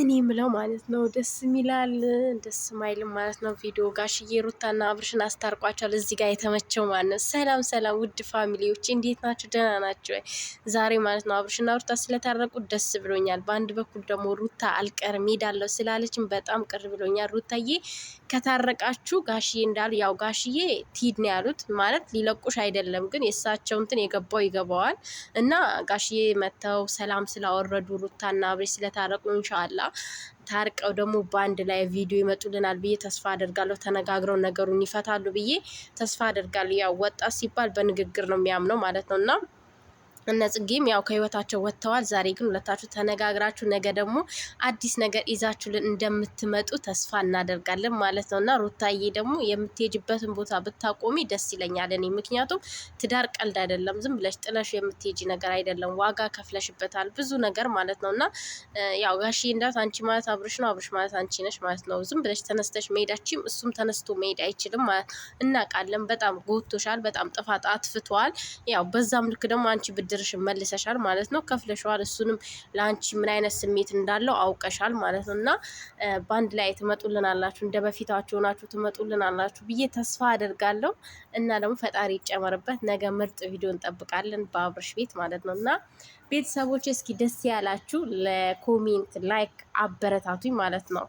እኔ ምለው ማለት ነው ደስ የሚላል ደስ ማይልም ማለት ነው። ቪዲዮ ጋሽዬ ሩታና አብርሽን አስታርቋቸዋል። እዚህ ጋር የተመቸው ማለት ነው። ሰላም ሰላም፣ ውድ ፋሚሊዎች እንዴት ናቸው? ደህና ናቸው። ዛሬ ማለት ነው አብርሽና ሩታ ስለታረቁ ደስ ብሎኛል። በአንድ በኩል ደግሞ ሩታ አልቀር ሄዳለሁ ስላለችን በጣም ቅር ብሎኛል። ሩታዬ ከታረቃችሁ ጋሽዬ እንዳሉ ያው ጋሽዬ ቲድ ነው ያሉት ማለት ሊለቁሽ አይደለም፣ ግን የእሳቸው እንትን የገባው ይገባዋል እና ጋሽዬ መተው ሰላም ስላወረዱ ሩታና አብርሽ ስለታረቁ እንሻላ ታርቀው ደግሞ በአንድ ላይ ቪዲዮ ይመጡልናል ብዬ ተስፋ አደርጋለሁ። ተነጋግረው ነገሩን ይፈታሉ ብዬ ተስፋ አደርጋለሁ። ያው ወጣት ሲባል በንግግር ነው የሚያምነው ማለት ነው እና እነ ጽጌም ያው ከህይወታቸው ወጥተዋል። ዛሬ ግን ሁለታችሁ ተነጋግራችሁ ነገ ደግሞ አዲስ ነገር ይዛችሁልን እንደምትመጡ ተስፋ እናደርጋለን ማለት ነው እና ሩታዬ ደግሞ የምትሄጅበትን ቦታ ብታቆሚ ደስ ይለኛል እኔ። ምክንያቱም ትዳር ቀልድ አይደለም፣ ዝም ብለሽ ጥለሽ የምትሄጂ ነገር አይደለም። ዋጋ ከፍለሽበታል ብዙ ነገር ማለት ነው እና ያው ጋሽ እንዳት አንቺ ማለት አብርሽ ነው፣ አብርሽ ማለት አንቺ ነሽ ማለት ነው። ዝም ብለሽ ተነስተሽ መሄዳችም እሱም ተነስቶ መሄድ አይችልም ማለት እናውቃለን። በጣም ጎቶሻል፣ በጣም ጥፋት አትፍቷል። ያው በዛም ልክ ደግሞ አንቺ ብድር ብድርሽ መልሰሻል ማለት ነው፣ ከፍለሸዋል። እሱንም ለአንቺ ምን አይነት ስሜት እንዳለው አውቀሻል ማለት ነው። እና በአንድ ላይ ትመጡልን አላችሁ፣ እንደ በፊታችሁ ናችሁ ትመጡልን አላችሁ ብዬ ተስፋ አደርጋለሁ። እና ደግሞ ፈጣሪ ይጨመርበት። ነገ ምርጥ ቪዲዮ እንጠብቃለን በአብርሽ ቤት ማለት ነው። እና ቤተሰቦች እስኪ ደስ ያላችሁ ለኮሜንት ላይክ አበረታቱኝ ማለት ነው።